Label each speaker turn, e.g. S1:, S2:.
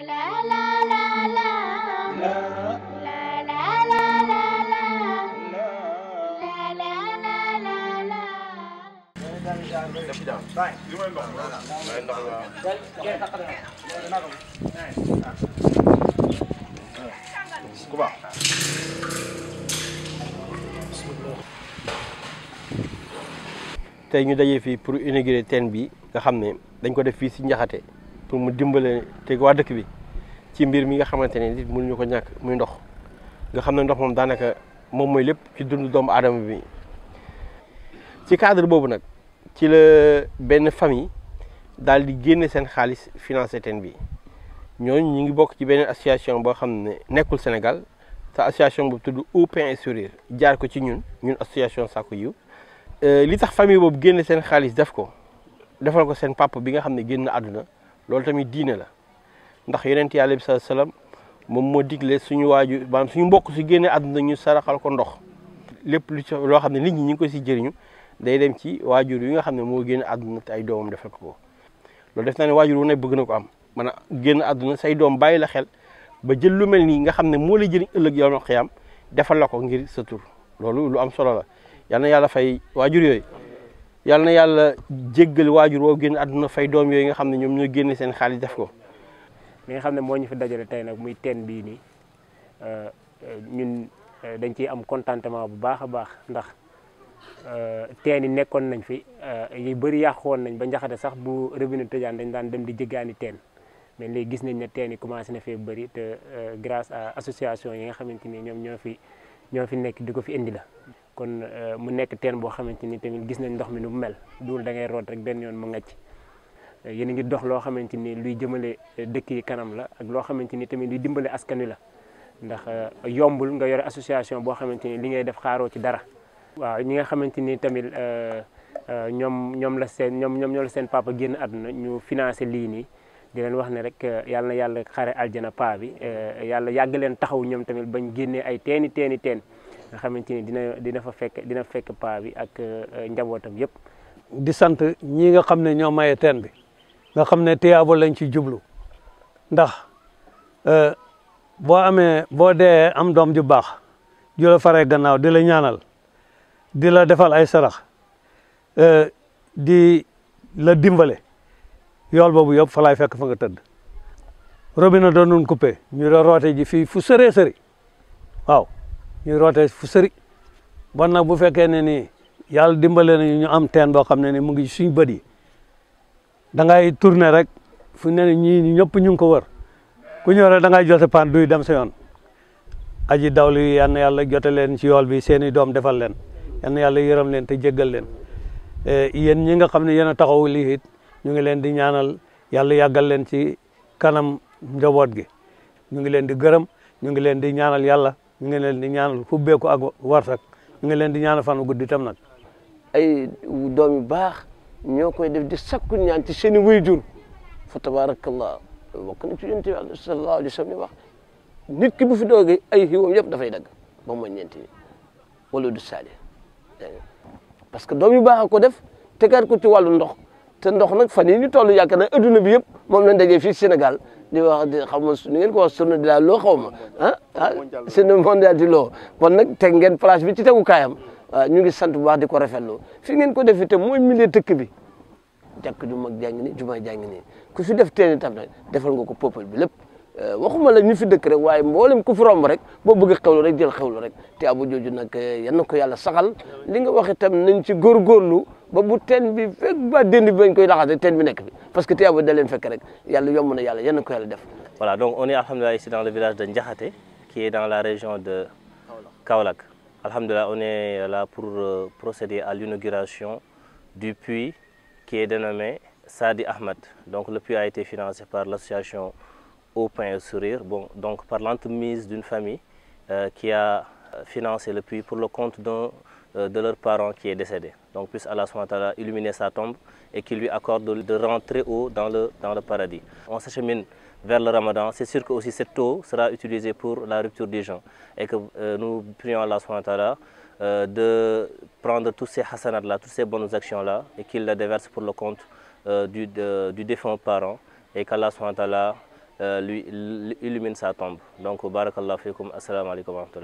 S1: Dai, di un dono. Dai, dono. Dai,
S2: Scuba. tey ñu daje fii pour inaugurer teen bi nga xam ne dañ ko def fii si Njaxate pour mu dimbale te waa dëkk bi ci mbir mi nga xamante ne nit mënuñu ko ñàkk muy ndox nga xam ne ndox moom daanaka moom mooy lépp ci dund doomu aadama bi ci cadre boobu nag ci la benn famille daal di génne seen xaalis financé teen bi ñooñu ñu ngi bokk ci beneen association boo xam ne nekkul Sénégal te association boobu tudd Au Pain et jaar ko ci ñun ñun association Sakku Yiw euh, li tax famille boobu génne seen xaalis def ko defal ko seen papa bi nga xam ne génn àdduna loolu tamit diine la ndax yonent yàlla bi sa alayhi wasallam moom moo digle suñu waaju maanaam suñu mbokk si génne àdduna ñu saraxal ko ndox lépp lu ci loo xam ne nit ñi ñu ngi ko si jëriñu day dem ci waajur yi nga xam ne moo génne àdduna ay doomam defal ko loolu def naa ne waajur wu bëgg na ko am man a génn àdduna say doom bàyyi la xel ba jël lu mel nii nga xam ne moo la jëriñ ëllëg yow ma xiyam defal la ko ngir sa tur loolu lu am solo la yal na yàlla fay waajur yooyu yal yàlla jéggal waajur woo génn àdduna fay doom yooyu nga xam ne ñoom ñoo génne seen xaalis def ko.
S1: li nga xam ne moo ñu fi dajale tey nag muy teen bii nii euh, ñun euh, dañ ciy am contentement bu baax a baax ndax euh, teen yi nekkoon nañ fi yu bëri yàqu nañ ba njaxate sax bu robinet tëjaan dañ daan dem di jéggaani teen. mais léegi gis nañ ne teen yi commencé na fee bëri te grâce à association yi nga xamante ni ñoom ñoo fi ñoo fi nekk di ko fi indi la kon euh, mu nekk teen boo xamante ni tamit gis nañ ndox mi nu mu mel duul da ngay root rek benn yoon mu ngacc euh, yéen a ngi dox loo xamante ni luy jëmale euh, dëkk yi kanam la ak loo xamante ni tamit luy dimbale askan wi la ndax yombul nga yore association boo xamante ni li ngay def xaaroo ci dara. waaw ñi nga xamante ni tamit ñoom ñoom la seen ñoom ñoom ñoo la seen papa génn àdduna ñu financé lii nii di wax ne rek yàlla yàlla xare aljana pa bi yàlla yàgg leen taxaw ñoom tamit bañ génnee ay teeni teeni teen. nga xamante ni dina dina fa fekk dina fekk paa bi ak euh, njabootam yëpp.
S3: di sant ñi nga xam ne ñoo maye teen bi nga xam ne tiyaabo lañ ci jublu ndax euh, boo amee boo dee am doom ju baax ju la gannaaw di la ñaanal di la defal ay sarax euh, di la dimbale yool boobu yëpp fa laay fekk fa nga tëdd robinet doon nun coupé ñu da roote ji fii fu sëree sëri waaw ñu roté fu sëri bon bu féké né ni yalla dimbalé nañu ñu am téne bo xamné ni mu ngi suñu bët yi da ngay tourner rek fu né ni ñi ñëpp ñu ko wër ku ñëw da ngay jotté pan duy dem sa yoon aji dawli yann yalla jotté len ci yool bi seeni doom défal len yann yalla yëram leen té jéggal euh yeen e, ñi nga xamné ne taxaw li hit ñu ngi di ñaanal yalla yagal len ci kanam njobot gi ñu ngi leen di gëreem ñu ngi di ñaanal yalla ñu ngi leen di ñaanal xubbeeku ak warsak ñu ngi leen di ñaanal fan guddi itam nag ay doom
S4: yu baax ñoo koy def di sakku ñaan ci seen i wayjur
S3: fa tabarakallah
S4: bokk na ci yonent bi alei sallallahu alayhi wa sallam wax nit ki bu fi doogee ay xiwam yëpp dafay dagg ba mu wala du saali parce que doom yu baax a ko def tegaat ko ci wàllu ndox te ndox nag fan yi ñu toll yaakaar naa adduna bi yëpp moom lañ dajee fii Sénégal di wax di xaw ni ngeen ko wax journée de la l'eau xaw ma ah ah journée mondiale de l'eau kon nag teg ngeen place bi ci tegu kaayam waaw ah, ñu ngi sant bu baax di ko rafetlu fi ngeen ko defee te mooy milieu dëkk bi jàkk ju mag jàng ni jàng ni ku fi def teen itam nag defal nga ko peuple bi lépp Eh, waxuma la ñu fi dëkk rek waaye mboolem ku fi romb rek boo bëgg a xewlu rek jël xewlu rek te abu jooju nag eh, yan ko yàlla saxal li nga wax itam nañ ci góorgóorlu ba bu ten bi fekk ba bi bañ koy la rek teen bi nekk bi parce que te abu da leen fekk rek yàlla yomb na yàlla
S5: yan ko yàlla def. voilà donc on est alhamdulilah ici dans le village de Ndiakhaté qui est dans la région de Kaolack alhamdulilah on est euh, là pour euh, procéder à l'inauguration du puits qui est dénommé Sadi Ahmed donc le puits a été financé par l'association au pain et au sourire. Bon, donc par l'entremise d'une famille euh, qui a euh, financé le puits pour le compte euh, de leurs parents qui est décédé. Donc puisse Allah ta'ala illuminer sa tombe et qu'il lui accorde de, rentrer haut dans le, dans le paradis. On s'achemine vers le ramadan. C'est sûr que aussi cette eau sera utilisée pour la rupture des gens et que nous prions Allah SWT euh, de prendre tous ces hasanats-là, toutes ces bonnes actions-là et qu'il la déverse pour le compte du, du défunt parent et qu'Allah ta'ala euh, lui, illumine sa tombe. Donc, barakallah fikum, assalamu alaikum wa rahmatullah.